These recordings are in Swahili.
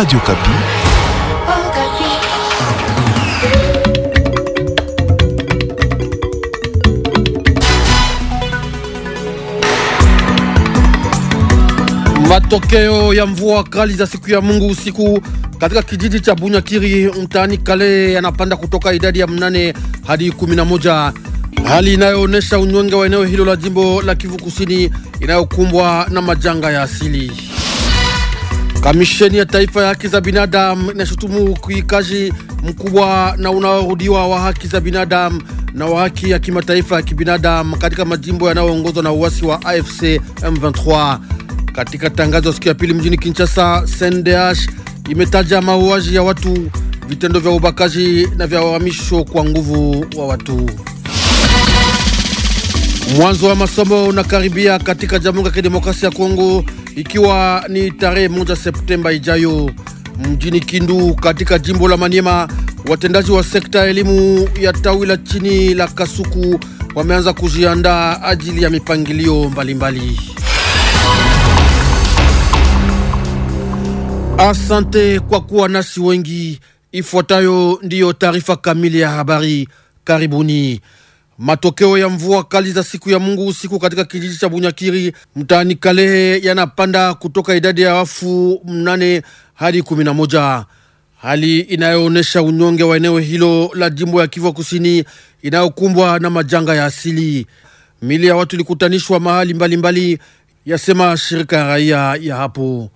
Radio Kapi. Matokeo ya mvua kali za siku ya Mungu usiku katika kijiji cha Bunyakiri mtaani Kale yanapanda kutoka idadi ya mnane hadi kumi na moja hali inayoonyesha unyonge wa eneo hilo la jimbo la Kivu Kusini inayokumbwa na majanga ya asili. Kamisheni ya Taifa ya Haki za Binadamu inashutumu ukiukaji mkubwa na unaorudiwa wa haki za binadamu na wa haki ya kimataifa ya kibinadamu katika majimbo yanayoongozwa na uasi wa AFC M23. Katika tangazo siku ya pili mjini Kinshasa, CNDH imetaja mauaji ya watu, vitendo vya ubakaji na vya uhamisho kwa nguvu wa watu. Mwanzo wa masomo unakaribia katika Jamhuri ya Kidemokrasia ya Kongo ikiwa ni tarehe moja Septemba ijayo mjini Kindu katika jimbo la Maniema. Watendaji wa sekta ya elimu ya tawi la chini la Kasuku wameanza kujiandaa ajili ya mipangilio mbalimbali mbali. Asante kwa kuwa nasi wengi. Ifuatayo ndiyo taarifa kamili ya habari. Karibuni. Matokeo ya mvua kali za siku ya Mungu usiku katika kijiji cha Bunyakiri mtaani Kalehe yanapanda kutoka idadi ya wafu mnane hadi kumi na moja, hali inayoonyesha unyonge wa eneo hilo la jimbo ya Kivu Kusini inayokumbwa na majanga ya asili. Mili ya watu ilikutanishwa mahali mbalimbali mbali, yasema shirika ya raia ya hapo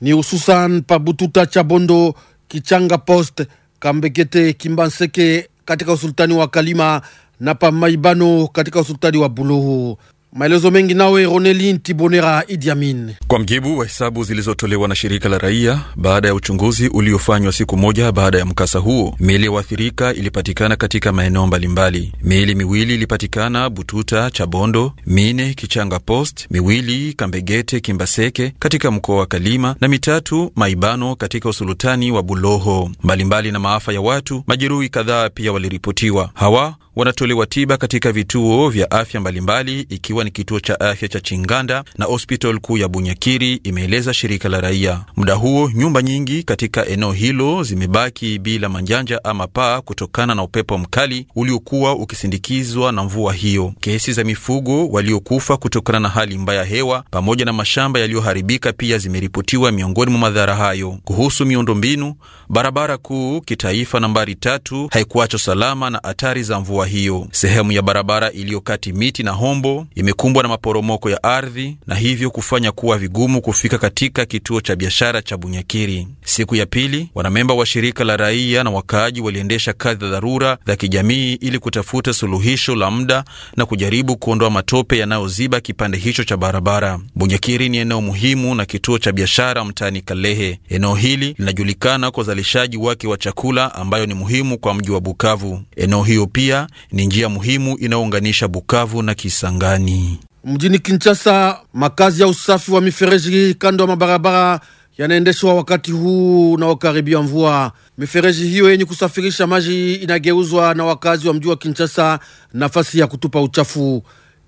ni hususan Pabututa, Chabondo, Kichanga Post, Kambekete, Kimbanseke katika usultani wa Kalima na pa maibano katika hospitali wa Buluhu. Maelezo mengi nawe Ronelin Tibonera Idi Amin. Kwa mjibu wa hesabu zilizotolewa na shirika la raia baada ya uchunguzi uliofanywa siku moja baada ya mkasa huo, miili ya waathirika ilipatikana katika maeneo mbalimbali. Miili miwili ilipatikana Bututa, Chabondo, mine Kichanga Post, miwili Kambegete, Kimbaseke katika mkoa wa Kalima na mitatu Maibano katika usulutani wa Buloho. Mbalimbali na maafa ya watu, majeruhi kadhaa pia waliripotiwa. Hawa wanatolewa tiba katika vituo vya afya mbalimbali, ikiwa ni kituo cha afya cha Chinganda na hospital kuu ya Bunyakiri, imeeleza shirika la raia. Muda huo nyumba nyingi katika eneo hilo zimebaki bila manjanja ama paa kutokana na upepo mkali uliokuwa ukisindikizwa na mvua hiyo. Kesi za mifugo waliokufa kutokana na hali mbaya hewa pamoja na mashamba yaliyoharibika pia zimeripotiwa miongoni mwa madhara hayo. Kuhusu miundombinu, barabara kuu kitaifa nambari tatu haikuachwa salama na hatari za mvua hiyo. Sehemu ya barabara iliyo kati miti na Hombo imekumbwa na maporomoko ya ardhi na hivyo kufanya kuwa vigumu kufika katika kituo cha biashara cha Bunyakiri. Siku ya pili, wanamemba wa shirika la raia na wakaaji waliendesha kazi za dharura za kijamii ili kutafuta suluhisho la muda na kujaribu kuondoa matope yanayoziba kipande hicho cha barabara. Bunyakiri ni eneo muhimu na kituo cha biashara mtaani Kalehe. Eneo hili linajulikana kwa uzalishaji wake wa chakula ambayo ni muhimu kwa mji wa Bukavu. Eneo hiyo pia ni njia muhimu inayounganisha Bukavu na Kisangani. Mjini Kinshasa, makazi ya usafi wa mifereji kando ya mabarabara yanaendeshwa wakati huu unaokaribia mvua. Mifereji hiyo yenye kusafirisha maji inageuzwa na wakazi wa mji wa Kinshasa nafasi ya kutupa uchafu.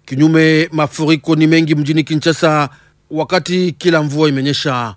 Kinyume, mafuriko ni mengi mjini Kinshasa wakati kila mvua imenyesha.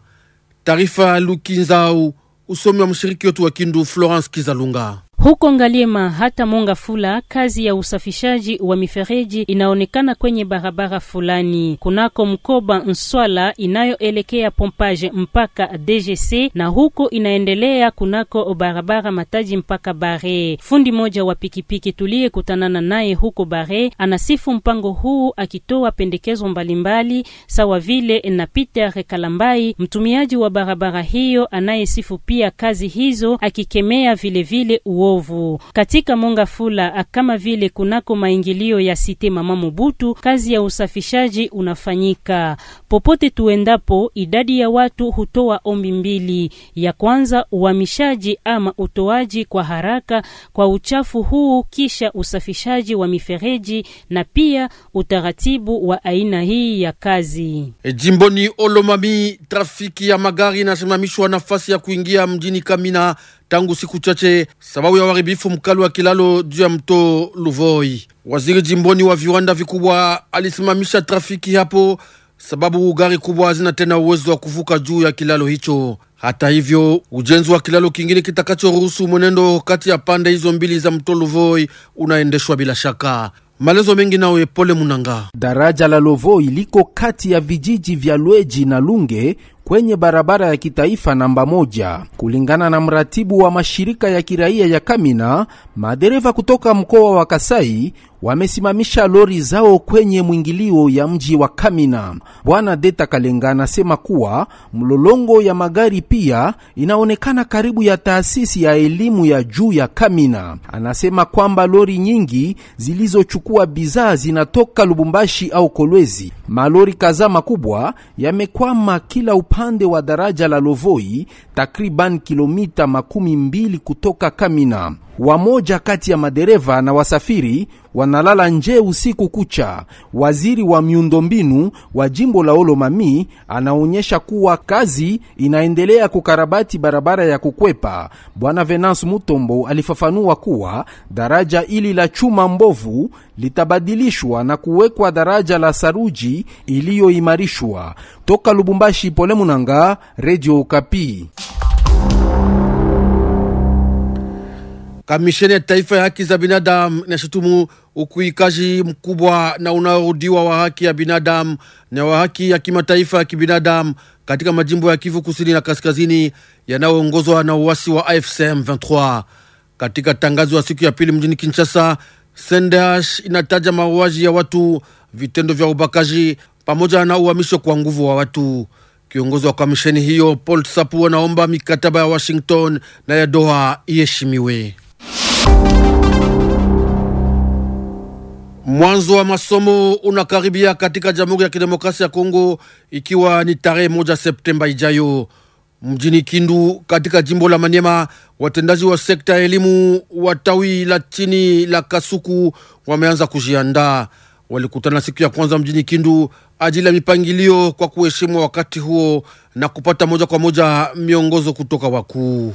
Taarifa Lukinzau, usomi wa mshiriki wetu wa Kindu Florence Kizalunga. Huko Ngaliema hata Monga Fula, kazi ya usafishaji wa mifereji inaonekana kwenye barabara fulani kunako mkoba Nswala inayoelekea Pompage mpaka DGC na huko inaendelea kunako barabara Mataji mpaka Bare. Fundi moja wa pikipiki tuliyekutanana naye huko Bare anasifu mpango huu akitoa pendekezo mbalimbali, sawa vile na Peter Kalambai, mtumiaji wa barabara hiyo, anayesifu pia kazi hizo akikemea vilevile vile uovu katika Mongafula kama vile kunako maingilio ya site Mama Mobutu. Kazi ya usafishaji unafanyika popote tuendapo. Idadi ya watu hutoa ombi mbili: ya kwanza uhamishaji ama utoaji kwa haraka kwa uchafu huu, kisha usafishaji wa mifereji na pia utaratibu wa aina hii ya kazi. E, jimboni Olomami, trafiki ya magari inasimamishwa nafasi ya kuingia mjini Kamina tangu siku chache sababu ya uharibifu mkali wa kilalo juu ya mto Luvoi. Waziri jimboni wa viwanda vikubwa alisimamisha trafiki hapo sababu gari kubwa hazina tena uwezo wa kuvuka juu ya kilalo hicho. Hata hivyo, ujenzi wa kilalo kingine kitakachoruhusu mwenendo kati ya pande hizo mbili za mto Luvoi unaendeshwa bila shaka. Malezo mengi nawe Pole Munanga. Daraja la Lovoi liko kati ya vijiji vya Lweji na Lunge kwenye barabara ya kitaifa namba moja. Kulingana na mratibu wa mashirika ya kiraia ya Kamina, madereva kutoka mkoa wa Kasai wamesimamisha lori zao kwenye mwingilio ya mji wa Kamina. Bwana Deta Kalenga anasema kuwa mlolongo ya magari pia inaonekana karibu ya taasisi ya elimu ya juu ya Kamina. Anasema kwamba lori nyingi zilizochukua bidhaa zinatoka Lubumbashi au Kolwezi. Malori kadhaa makubwa yamekwama kila upande wa daraja la Lovoi, takriban kilomita makumi mbili kutoka Kamina. Wamoja kati ya madereva na wasafiri wanalala nje usiku kucha. Waziri wa miundombinu wa jimbo la Olomami anaonyesha kuwa kazi inaendelea kukarabati barabara ya kukwepa. Bwana Venance Mutombo alifafanua kuwa daraja ili la chuma mbovu litabadilishwa na kuwekwa daraja la saruji iliyoimarishwa. Toka Lubumbashi, Pole Munanga, Radio kapi Kamisheni ya Taifa ya Haki za Binadamu inashutumu ukuikaji mkubwa na unaorudiwa wa haki ya binadamu na wa haki ya kimataifa ya kibinadamu katika majimbo ya Kivu Kusini na Kaskazini yanayoongozwa na uasi wa AFCM 23. Katika tangazo ya siku ya pili mjini Kinshasa, Sendesh inataja mauaji ya watu, vitendo vya ubakaji pamoja na uhamisho kwa nguvu wa watu. Kiongozi wa kamisheni hiyo Paul Sapu anaomba mikataba ya Washington na ya Doha iheshimiwe. Mwanzo wa masomo unakaribia katika Jamhuri ya Kidemokrasia ya Kongo, ikiwa ni tarehe moja Septemba ijayo. Mjini Kindu katika jimbo la Manyema, watendaji wa sekta ya elimu wa tawi la chini la Kasuku wameanza kujiandaa. Walikutana siku ya kwanza mjini Kindu ajili ya mipangilio kwa kuheshimu wakati huo na kupata moja kwa moja miongozo kutoka wakuu.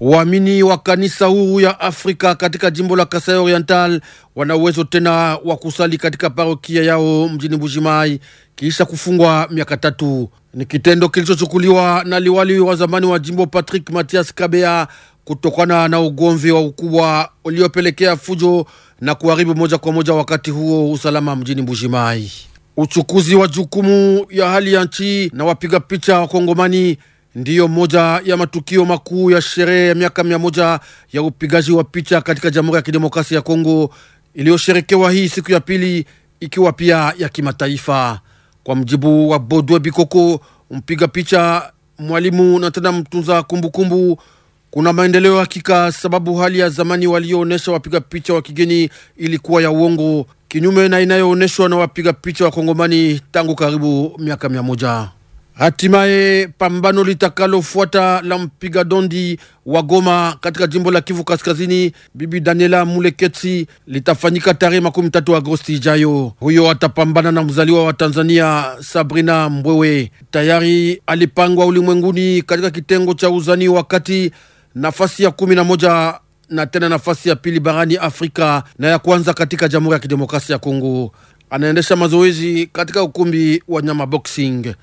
Waamini wa kanisa huru ya Afrika katika jimbo la Kasai Oriental wana uwezo tena wa kusali katika parokia yao mjini Mbujimai kisha kufungwa miaka tatu. Ni kitendo kilichochukuliwa na liwali wa zamani wa jimbo Patrick matias Kabea kutokana na ugomvi wa ukubwa uliopelekea fujo na kuharibu moja kwa moja wakati huo usalama mjini Mbujimai. Uchukuzi wa jukumu ya hali ya nchi na wapiga picha wakongomani ndiyo moja ya matukio makuu ya sherehe ya miaka mia moja ya upigaji wa picha katika Jamhuri ya Kidemokrasia ya Kongo iliyosherekewa hii siku ya pili, ikiwa pia ya kimataifa. Kwa mjibu wa Bodwe Bikoko, mpiga picha, mwalimu na tena mtunza kumbukumbu kumbu, kuna maendeleo hakika, sababu hali ya zamani walioonyesha wapiga picha wa kigeni ilikuwa ya uongo, kinyume na inayoonyeshwa na wapiga picha wa Kongomani tangu karibu miaka mia moja. Hatimaye pambano litakalofuata la mpiga dondi wa Goma katika jimbo la Kivu Kaskazini, Bibi Daniela Muleketsi, litafanyika tarehe makumi tatu Agosti ijayo. Huyo atapambana na mzaliwa wa Tanzania Sabrina Mbwewe. Tayari alipangwa ulimwenguni katika kitengo cha uzani wakati nafasi ya kumi na moja na tena nafasi ya pili barani Afrika na ya kwanza katika Jamhuri ya Kidemokrasia ya Kongo. Anaendesha mazoezi katika ukumbi wa Nyama Boxing.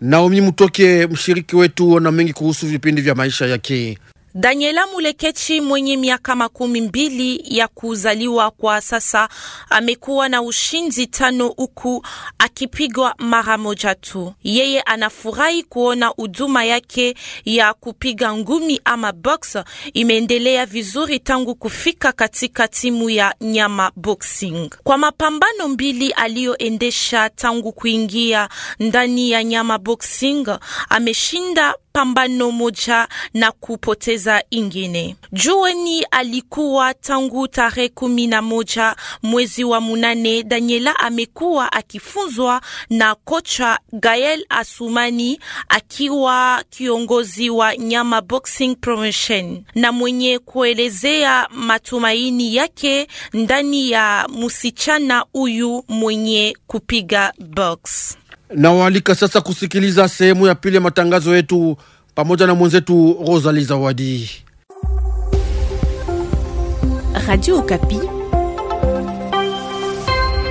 Naomi Mutoke, mshiriki wetu, na mengi kuhusu vipindi vya maisha yake. Daniela Mulekechi mwenye miaka makumi mbili ya kuzaliwa kwa sasa amekuwa na ushinzi tano huku akipigwa mara moja tu. Yeye anafurahi kuona huduma yake ya kupiga ngumi ama box imeendelea vizuri tangu kufika katika timu ya Nyama Boxing. Kwa mapambano mbili aliyoendesha tangu kuingia ndani ya Nyama Boxing ameshinda pambano moja na kupoteza ingine. Jueni alikuwa tangu tarehe kumi na moja mwezi wa munane. Daniela amekuwa akifunzwa na kocha Gael Asumani akiwa kiongozi wa Nyama Boxing Promotion na mwenye kuelezea matumaini yake ndani ya msichana huyu mwenye kupiga box. Nawaalika sasa kusikiliza sehemu ya pili ya matangazo yetu pamoja na mwenzetu Rosali Zawadi. Radio Okapi,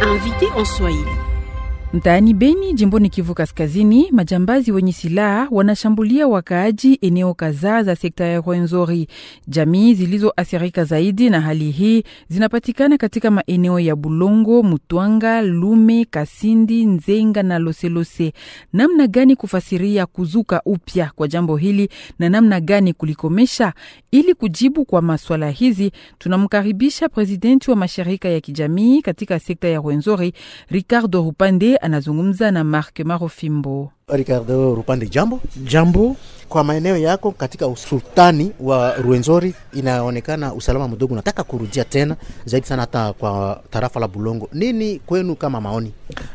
invité en Swahili. Mtaani Beni, jimboni Kivu Kaskazini, majambazi wenye silaha wanashambulia wakaaji eneo kadhaa za sekta ya Rwenzori. Jamii zilizoathirika zaidi na hali hii zinapatikana katika maeneo ya Bulongo, Mutwanga, Lume, Kasindi, Nzenga na Loselose. Namna gani kufasiria kuzuka upya kwa jambo hili na namna gani kulikomesha? Ili kujibu kwa maswala hizi, tunamkaribisha presidenti wa mashirika ya kijamii katika sekta ya Rwenzori, Ricardo Rupande anazungumza na Mark Marofimbo. Ricardo Rupande, jambo jambo. Kwa maeneo yako katika usultani wa Ruenzori inaonekana usalama mdogo, nataka kurudia tena zaidi sana, hata kwa tarafa la Bulongo. Nini kwenu kama maoni?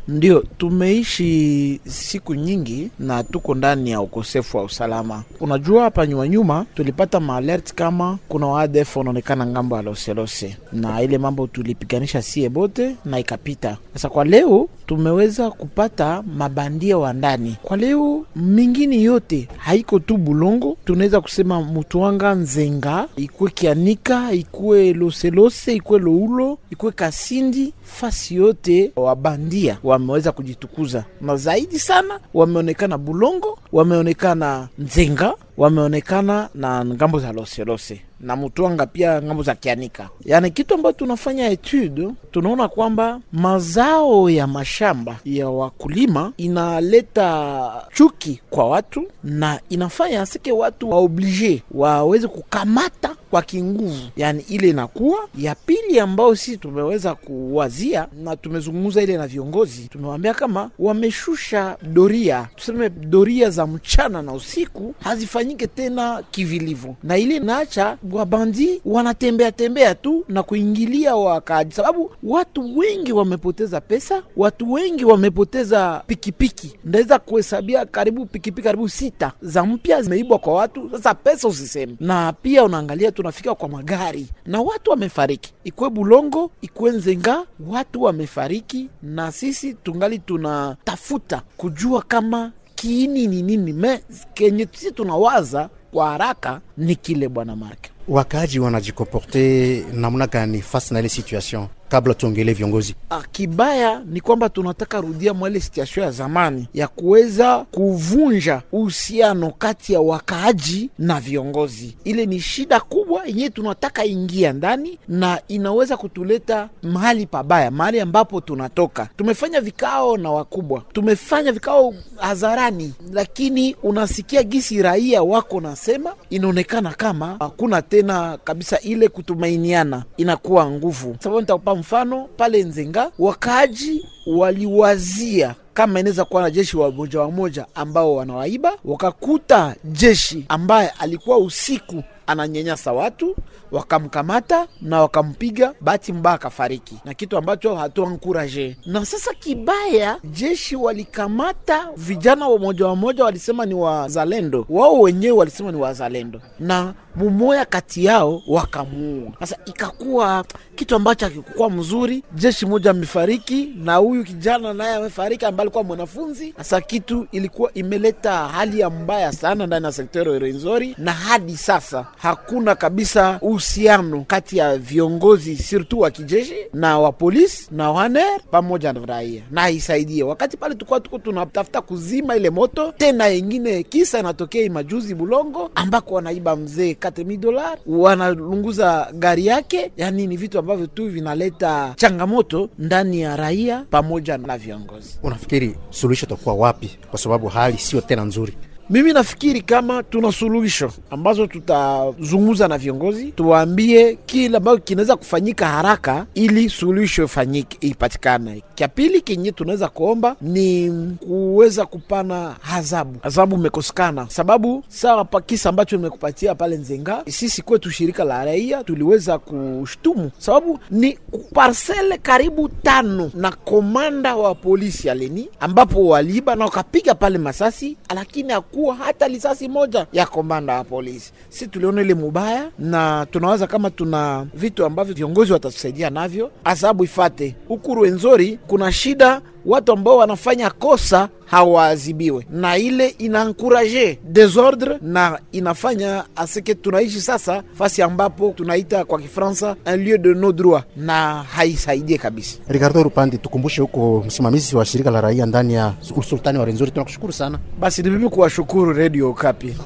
Ndio, tumeishi siku nyingi na tuko ndani ya ukosefu wa usalama. Unajua, hapa nyuma nyuma tulipata maalert kama kuna waadef wanaonekana ngambo ya Loselose, na ile mambo tulipiganisha sie bote na ikapita. Sasa kwa leo tumeweza kupata mabandia wa ndani kwa leo mingine yote haiko tu Bulongo, tunaweza kusema Mutwanga, Nzenga, ikuwe Kianika, ikuwe Loselose, ikuwe Loulo, ikuwe Kasindi, fasi yote wabandia wameweza kujitukuza na zaidi sana wameonekana Bulongo, wameonekana Nzenga, wameonekana na ngambo za Loselose na mutwanga pia ngambo za Kianika. Yani kitu ambayo tunafanya etude, tunaona kwamba mazao ya mashamba ya wakulima inaleta chuki kwa watu na inafanya sike watu waoblige waweze kukamata kwa kinguvu, yani ile inakuwa ya pili ambayo sisi tumeweza kuwazia na tumezungumza ile na viongozi, tumewaambia kama wameshusha doria, tuseme doria za mchana na usiku hazifanyike tena kivilivu, na ile naacha wabandi wanatembea tembea tu na kuingilia wakaaji, sababu watu wengi wamepoteza pesa, watu wengi wamepoteza pikipiki. Ndaweza kuhesabia karibu pikipiki karibu sita za mpya zimeibwa kwa watu. Sasa pesa usiseme, na pia unaangalia tu tunafika kwa magari na watu wamefariki, ikwe Bulongo ikwe Nzenga, watu wamefariki, na sisi tungali tunatafuta kujua kama kiini ni nini. Me kenye sisi tunawaza kwa haraka ni kile bwana Mark, wakaaji wanajikoporte namna gani fasi na ile situation kabla tuongelee viongozi. Ah, kibaya ni kwamba tunataka rudia mwale situation ya zamani ya kuweza kuvunja uhusiano kati ya wakaaji na viongozi. Ile ni shida kubwa yenyewe tunataka ingia ndani, na inaweza kutuleta mahali pabaya, mahali ambapo tunatoka. Tumefanya vikao na wakubwa, tumefanya vikao hadharani, lakini unasikia gisi raia wako nasema, inaonekana kama hakuna tena kabisa ile kutumainiana, inakuwa nguvu sababu nitakupa mfano pale Nzenga wakaaji waliwazia kama inaweza kuwa na jeshi wamoja wamoja ambao wanawaiba, wakakuta jeshi ambaye alikuwa usiku ananyanyasa watu, wakamkamata na wakampiga, bahati mbaya akafariki, na kitu ambacho hatuankuraje. Na sasa kibaya, jeshi walikamata vijana wamoja wamoja, walisema ni wazalendo, wao wenyewe walisema ni wazalendo na mumoya kati yao wakamuua. Sasa ikakuwa kitu ambacho akikukua mzuri. Jeshi moja amefariki na huyu kijana naye amefariki, ambaye alikuwa mwanafunzi. Sasa kitu ilikuwa imeleta hali ya mbaya sana ndani ya sekta ya Rwenzori, na hadi sasa hakuna kabisa uhusiano kati ya viongozi surtu wa kijeshi na wa polisi na waner pamoja na raia, na isaidie. Wakati pale tulikuwa tuko tunatafuta kuzima ile moto tena, yengine kisa inatokea imajuzi Bulongo ambako wanaiba mzee 4000 dollars, wanalunguza gari yake. Yani ni vitu ambavyo tu vinaleta changamoto ndani ya raia pamoja na viongozi. Unafikiri suluhisho itakuwa wapi? Kwa sababu hali sio tena nzuri. Mimi nafikiri kama tuna suluhisho ambazo tutazungumza na viongozi, tuwaambie kile ambayo kinaweza kufanyika haraka ili suluhisho ifanyike ipatikane. Kya pili kenye tunaweza kuomba ni kuweza kupana hazabu hazabu umekosekana sababu sawa pa kisa ambacho imekupatia pale Nzenga, sisi kwetu shirika la raia tuliweza kushtumu sababu ni parsele karibu tano na komanda wa polisi aleni ambapo waliiba na wakapiga pale masasi, lakini hakuwa hata lisasi moja ya komanda wa polisi. Si tuliona ile mubaya, na tunawaza kama tuna vitu ambavyo viongozi watatusaidia navyo, asabu ifate ukuru enzori kuna shida watu ambao wanafanya kosa hawaadhibiwe, na ile inaankuraje desordre na inafanya aseke tunaishi sasa fasi ambapo tunaita kwa Kifransa un lieu de no droit, na haisaidie kabisa. Ricardo Rupandi, tukumbushe huko, msimamizi wa shirika la raia ndani ya usultani wa Renzori, tunakushukuru sana. Basi ni mimi kuwashukuru Radio Kapi.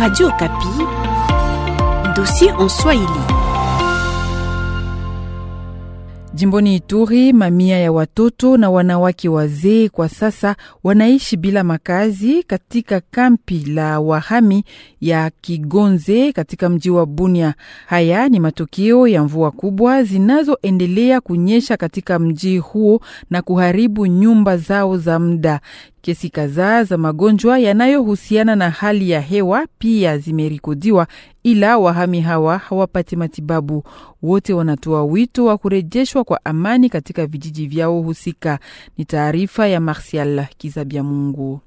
Radio Kapi, dossier en Swahili. Jimboni Ituri, mamia ya watoto na wanawake wazee kwa sasa wanaishi bila makazi katika kampi la wahami ya Kigonze katika mji wa Bunia. Haya ni matokeo ya mvua kubwa zinazoendelea kunyesha katika mji huo na kuharibu nyumba zao za muda. Kesi kadhaa za magonjwa yanayohusiana na hali ya hewa pia zimerekodiwa, ila wahami hawa hawapati matibabu. Wote wanatoa wito wa kurejeshwa kwa amani katika vijiji vyao husika. Ni taarifa ya Marsial kizabia Mungu.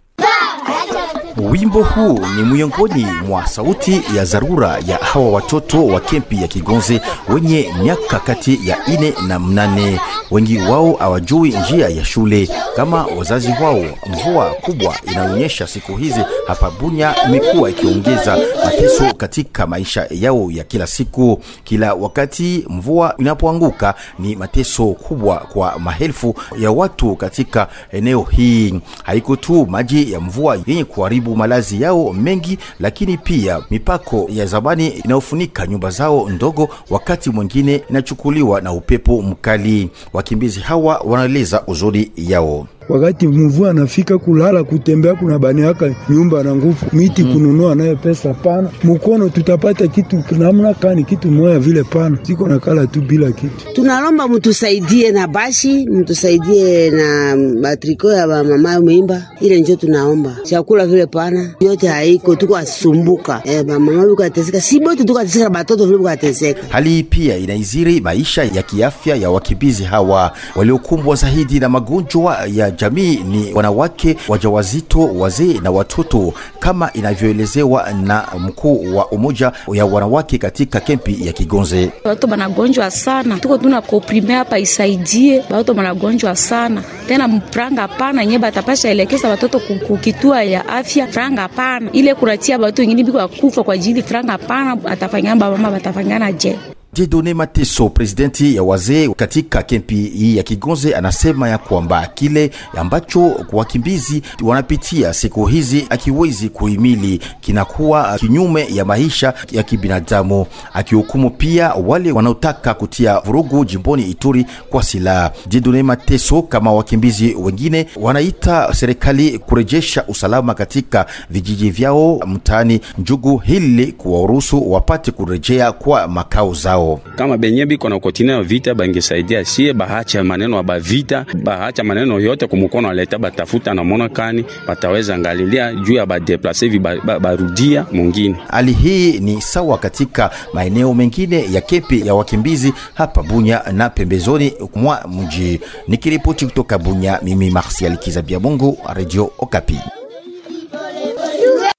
Wimbo huu ni miongoni mwa sauti ya dharura ya hawa watoto wa kempi ya Kigonze wenye miaka kati ya ine na mnane. Wengi wao hawajui njia ya shule kama wazazi wao. Mvua kubwa inaonyesha siku hizi hapa Bunya imekuwa ikiongeza mateso katika maisha yao ya kila siku. Kila wakati mvua inapoanguka ni mateso kubwa kwa maelfu ya watu katika eneo hii. Haiko tu maji ya mvua yenye kuharibu kujibu malazi yao mengi, lakini pia mipako ya zamani inayofunika nyumba zao ndogo wakati mwingine inachukuliwa na upepo mkali. Wakimbizi hawa wanaeleza uzuri yao wakati mvua anafika, kulala kutembea kuna baniaka nyumba na nguvu miti mm. kununua nayo pesa pana mkono, tutapata kitu namna kani kitu moya vile pana siko na kala tu bila kitu. Tunalomba mtusaidie na bashi, mtusaidie na matriko ya mama mimba ile njo tunaomba chakula vile pana yote haiko, tuko asumbuka eh, mama bukateseka, si bote tukateseka, batoto vile bukateseka. Hali pia inaiziri maisha ya kiafya ya wakimbizi hawa waliokumbwa zaidi na magonjwa ya jamii ni wanawake wajawazito, wazee na watoto, kama inavyoelezewa na mkuu wa umoja ya wanawake katika kempi ya Kigonze. Watoto banagonjwa sana, tuko tuna koprime hapa, isaidie watoto banagonjwa sana tena, mpranga pana nye batapasha elekeza watoto kukitua ya afya, franga pana ile kuratia watu wengine biko kufa kwa ajili franga pana, atafanyana baba mama batafanyana je Dieudonne Mateso, presidenti ya wazee katika kempi hii ya Kigonze, anasema ya kwamba kile ambacho wakimbizi wanapitia siku hizi akiwezi kuhimili, kinakuwa kinyume ya maisha ya kibinadamu, akihukumu pia wale wanaotaka kutia vurugu jimboni Ituri kwa silaha. Dieudonne Mateso, kama wakimbizi wengine, wanaita serikali kurejesha usalama katika vijiji vyao mtaani Njugu, hili kuwaruhusu wapate kurejea kwa makao zao yao. Kama benye biko na kotina vita bangesaidia sie, bahacha maneno ba bavita, bahacha maneno yote kumukono aleta, batafuta na mona kani bataweza ngalilia juu ya badeplase vi barudia mungine. Hali hii ni sawa katika maeneo mengine ya kepi ya wakimbizi hapa Bunya na pembezoni mwa mji. Nikiripoti kutoka Bunya, mimi Martial Kizabia Mungu, Radio Okapi.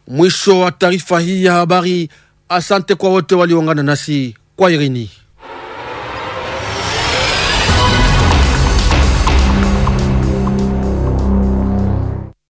Mwisho wa taarifa hii ya habari. Asante kwa wote waliongana nasi. Quoi Irini